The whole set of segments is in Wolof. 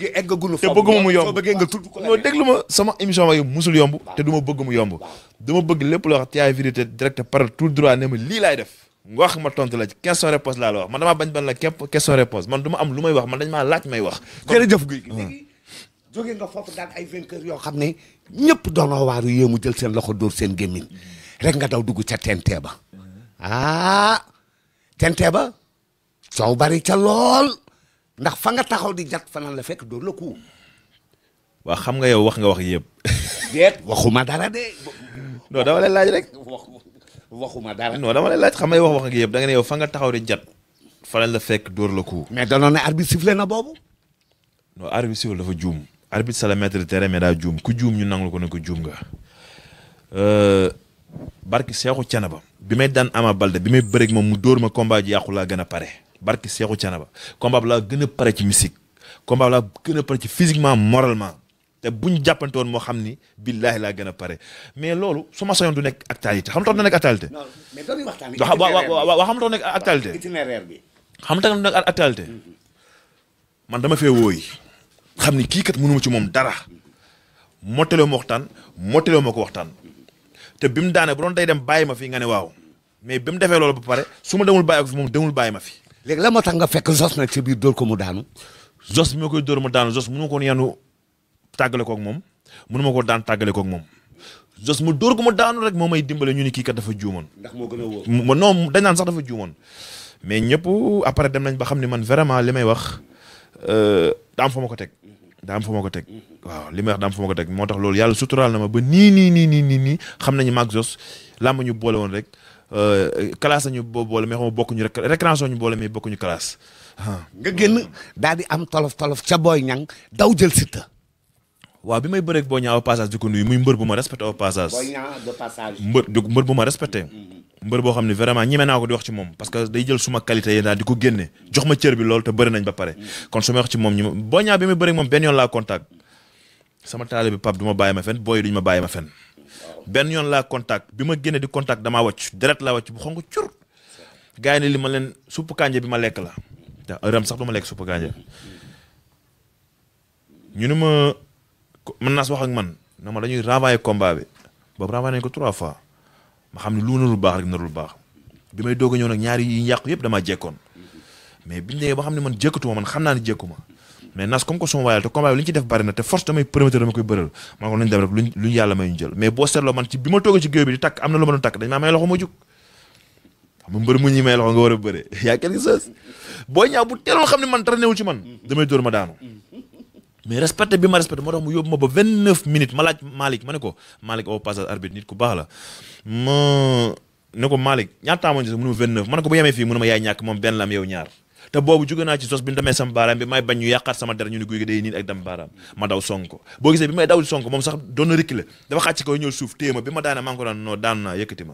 gi eggagul te bëgguma mu yomb soo bëggee nga tudd ko non déglu ma sama émission ma musul yomb te du ma bëgg mu yomb dama bëgg lépp loo wax tiyaay vérité direct par tout droit ne lii laay def nga wax ma tontu la ci question rek nga daw dugg ca tentee ba ah tentee ba coow ca lool ndax fa nga taxaw di jat fanaan la fekk dóor la ku waa xam nga yow wax nga wax yëpp. waxuma dara de. non wa lay laaj rek. waxuma dara non dama lay laaj xam nga wax wax nga yëpp da nga ne yow fa nga taxaw di jat fanaan la fekk dóor la ku mais danoon ne arbitre sifflé na boobu. non arbitre sifflé dafa juum. arbitre c'est le maître du terrain mais daa ñu nangul ko ne ko juum nga. Euh, barki seexu cana ba bi may daan ama balde bi may bëreeg moom mu dóor ma combat ji yàqu laa gën a pare. barki Seexu Canaba combat bi laa gën a pare ci musique combat bi laa gën a pare ci physiquement moralement te bu ñu jàppante woon moo xam ni billaahi laa gën a pare mais loolu su ma sañoon du nekk actualité xam nga tax na nekk actualité. non mais doomu waxtaan xam nga tax nekk actualité bi. xam nga tax na nekk man dama fee wooyi. xam ni kii kat mënuma ci moom dara. mottaloo ma waxtaan mottaloo ma ko waxtaan. te bi mu daane bu doon day dem bàyyi ma fi nga ne waaw mais bim mu defee loolu ba pare su ma demul bàyyi ak moom demul bàyyi ma fi. léegi la moo tax nga fekk Zoss nag ci biir dóor ko mu daanu. Zoss bi ma koy dóor mu daanu Zoss mënu ma ko yanu tàggale kook moom mënu ma ko daan tàggale kook moom. zos mu dóor ko mu daanu rek moo may dimbale ñu ni kii kat dafa juumoon. ndax moo gën a wóor mu non dañ naan sax dafa juumoon. mais ñëpp après dem nañ ba xam ne man vraiment li may wax euh, daa am fa ma ko teg. daa ma ko teg waaw li may wax daa am ko teg moo tax loolu yàlla suturaal na ma ba nii nii nii nii nii nii xam nañu maag Zoss laa ma ñu boole woon rek. Euh, classe ñu boo boole mais xam bokkuñu rek récréation ñu boole mais bokkuñu classe. nga génn daal di am tolof tolof ca booy ñang daw jël Siteu. waaw bi may bëreeg boo ñaaw passage di ko nuyu ma respecté au passage. booy ñaaw de mbër bu ma respecté. Mm-hmm. mbër boo xam ne vraiment ñeme naa ko di moom parce que day jël suma qualité yi daal di ko génne jox ma cër bi loolu te bëri nañ ba pare. Mm-hmm. kon su ma wax ci moom ñi ma boo ñaaw bi may bëreeg moom benn yoon laa contact sama taalibe Pape du ma bàyyi ma fen booy yi duñ ma bàyyi ma fen benn yoon laa contact bi ma génne di contact dama wàcc deret laa wàcc bu xonk cur gars yi ne li ma leen suppu kànja bi ma lekk la ëram sax du ma lekk suppu kànja ñu ne ma man naa wax ak man na ma dañuy renvoyer combat bi boobu renvoyer nañ ko trois fois ma xam ne lu na lu baax rek na lu baax bi may doog a ñëw ñaari yi yàqu yëpp dama jekkoon mais biñ demee ba xam ne man jekkatuma man xam naa ne jekkuma mais nas comme que suma waayal te combat bi li ñu ci def bari na te force ko nañ dem rek luñ luñ yàlla may ñu jël mais boo seetloo ma toogee ma doon takk dañ ma jug mu ñuy may loxo war a bëre yaa quelque boo ñaaw bu teeloon xam ne man dara newul ci man damay dóor ma daanu mais respecté bi ma respecté mu yóbbu ma ba vingt neuf minutes ma laaj Malick ma ne ko Malick au passage arbitre nit ku baax la ma ne ko Malick ñaata temps moo ñu mu ne ma vingt neuf ma ne ko bu yemee fii mu moom benn la am yow ñaar te boobu jóge naa ci sos bi ñu demee sama baaraam bi may bañ ñu yàqaat sama der ñu ni guy gi day niin ak dem baaraam daw sonko boo gisee bi may daw sonko moom sax doon na reculer dafa xàcc ko ñëw suuf téye ma bi ma daana maa ngi ko noo daan naa yëkkati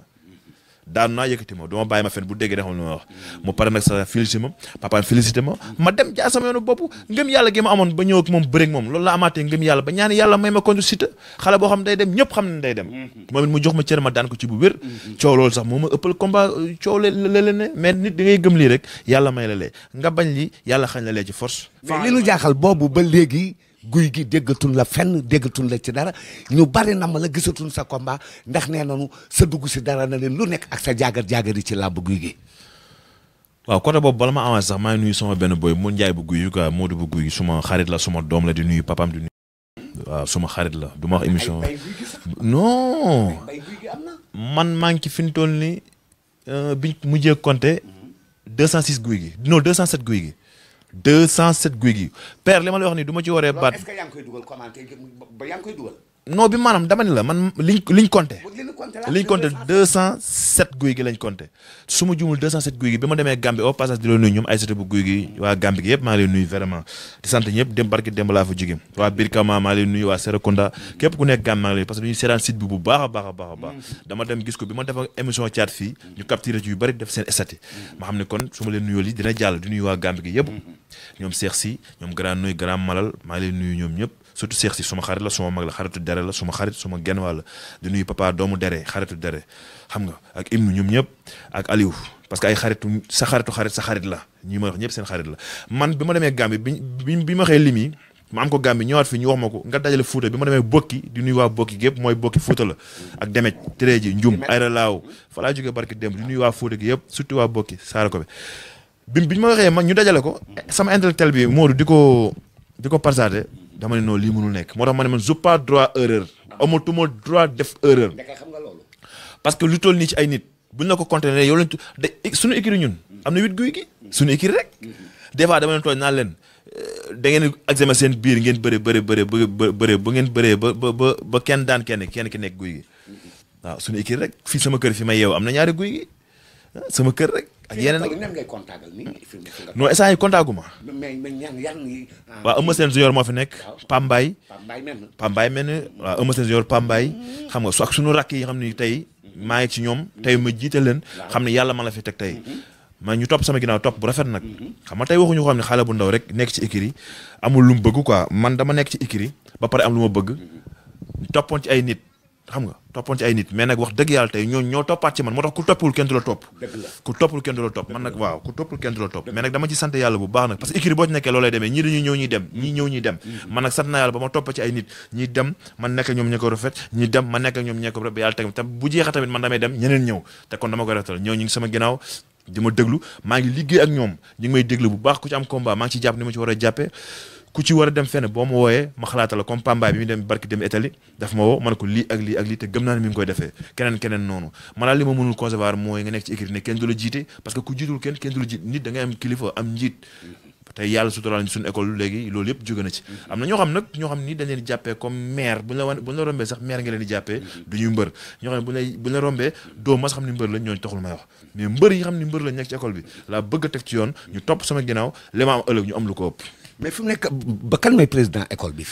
daan naa yëkkati ma du ma bàyyi ma fen bu déggee xam lu ma wax mu pare nag sa félicité ma papa félicité ma ma dem jaa yoonu bopp ngëm yàlla gi ma amoon ba ñëw ak moom bëreeg moom loolu la amaatee ngëm yàlla ba ñaan yàlla may ma kontu site xale boo xam day dem ñëpp xam ne mm-hmm. mu jox ma cër ma daan ko ci bu wér mm-hmm. coow loolu sax moo ma ëppal combat euh, coow la ne mais nit da ngay gëm lii rek yalla may la nga bañ lii yàlla xañ la lee ci force mais li nu jaaxal boobu ba guy gi déggatun la fenn déggatun la ci dara ñu bari na ma la gisatun sa combat ndax nee nañu sa dugg si dara na leen lu nekk ak sa jaagar jaagar yi ci làmb guy gi. waaw côté boobu bala ma avancé sax maa ngi nuyu sama benn booy mu njaay bu guy gi moo Modou bu guy gi suma xarit la suma doom la di nuy papaam di nuyu. waaw suma xarit la du émission. non man maa ngi ci fi mu toll nii euh, biñ mujjee compter 206 guy gi cent 207 guy gi. 207 guy gi père li ma la wax nii du ma ci waree baat. est-ce que yaa ngi koy dugal commentaire ba yaa ngi koy dugal. non bi maanaam dama ni la man liñ liñ compté. liñ compté 207 guy gi lañ compté. su ma juumul 207 guy bi ma demee Gambie au passage di la nuyu ñoom ay sota bu guy gi waa Gambie gi yëpp maa ngi lay nuyu vraiment di bu baax a baax a baax a mm. ko bi ma def émission caat fii ñu capturé ci yu bëri def seen statut mm. ma xam ne kon su ma leen nuyoo lii dina jàll di nuyu waa Gambie gi yëpp mm. ñoom Cheikh si ñoom grand nuyu grand malal maa ngi lay ñoom ñëpp surtout Cheikh si suma xarit la suma mag la xaritu dere la suma xarit suma genn wàll di nuyu papa doomu dere xaritu dere xam nga ak Ibnu ñoom ñëpp ak Aliou parce que ay xaritu sa xaritu xarit sa xarit la ñi ma wax ñëpp seen xarit la man ma demee Gambie bi bi bi ma xëy limi ma am ko Gambie ñëwaat fi ñu wax ko nga dajale Fuuta bi ma demee bokki di nuyu waa bokki gépp mooy bokki Fuuta la ak demet téré ji njum ayra laaw fa laa jógee barki démb di nuyu waa Fuuta gi yëpp surtout waa bokki saara ko bi bi bi ñu ma waxee man ñu dajale ko sama intellectuel bi moo di ko di ko partagé dama ne noonu lii munu nekk moo tax ma ne man j'ai pas droit erreur amatuma droit def erreur parce que lu toll nii ci ay nit buñ la ko contenté yow lañ tu de suñu ñun am na huit guy gi suñu écrit rek des fois dama naa leen euh, da ngeen examen seen biir ngeen bëre bëre bëre ba bëre ba ngeen bëree ba ba ba kenn daan kenn kenn ki nekk guy gi waaw suñu écrit fii sama kër fi ma yeew am na ñaari guy gi ah, sama kër rek ak yeneen non instant yi contactu ma. waaw Eumeu Sène Junior moo fi nekk. Pambay Pambay mel ni waaw Eumeu Sène xam nga su ak suñu rakk yi xam ni tey maa ngi ci ñoom tey ma jiite leen xam ne yàlla man la fi teg tey mm-hmm. ma ñu topp sama ginnaaw topp bu rafet nag mm-hmm. xam nga tey waxuñu ko xam ne xale bu ndaw rek nekk ci écurie amul lu mu bëgg quoi man dama nekk ci écurie ba pare am lu bëgg mm-hmm. toppoon ci ay nit xam nga toppoon ci ay nit mais nag wax dëgg yàlla tey ñoo ñoo toppaat ci man moo tax ku toppul kenn du la topp man nag dama ci sant yàlla bu baax nag parce que boo ci nekkee loolay demee ñii dañuy ñëw ñii dem mm-hmm. man nag sant naa ba ma topp ci ay nit ñi dem man nekk ñoom ñee ko rafet ñi tamit man damay dem ñeneen ñëw te kon dama koy rafetal ñëw ñu ngi sama ginnaaw bu baax ku ci am combat maa ci jàpp ni ma ci war a ku ci war a dem fenn boo ma wooyee ma xalaata la comme Pambaay bi mu dem barki dem Italie daf ma woo ma ko lii ak lii te gëm naa ne koy defee keneen keneen noonu man daal li ma mënul conserver mooy nga nekk ci écrit loolu yëpp jóge na ñoo xam nag ñoo xam ni dañ leen di jàppee comme maire buñ la wan bi laa bëgg a teg ci yoon ñu topp sama ginnaaw li am ëllëg ñu am lu ko ëpp mais fi mu nekk ba kan mooy président école bi.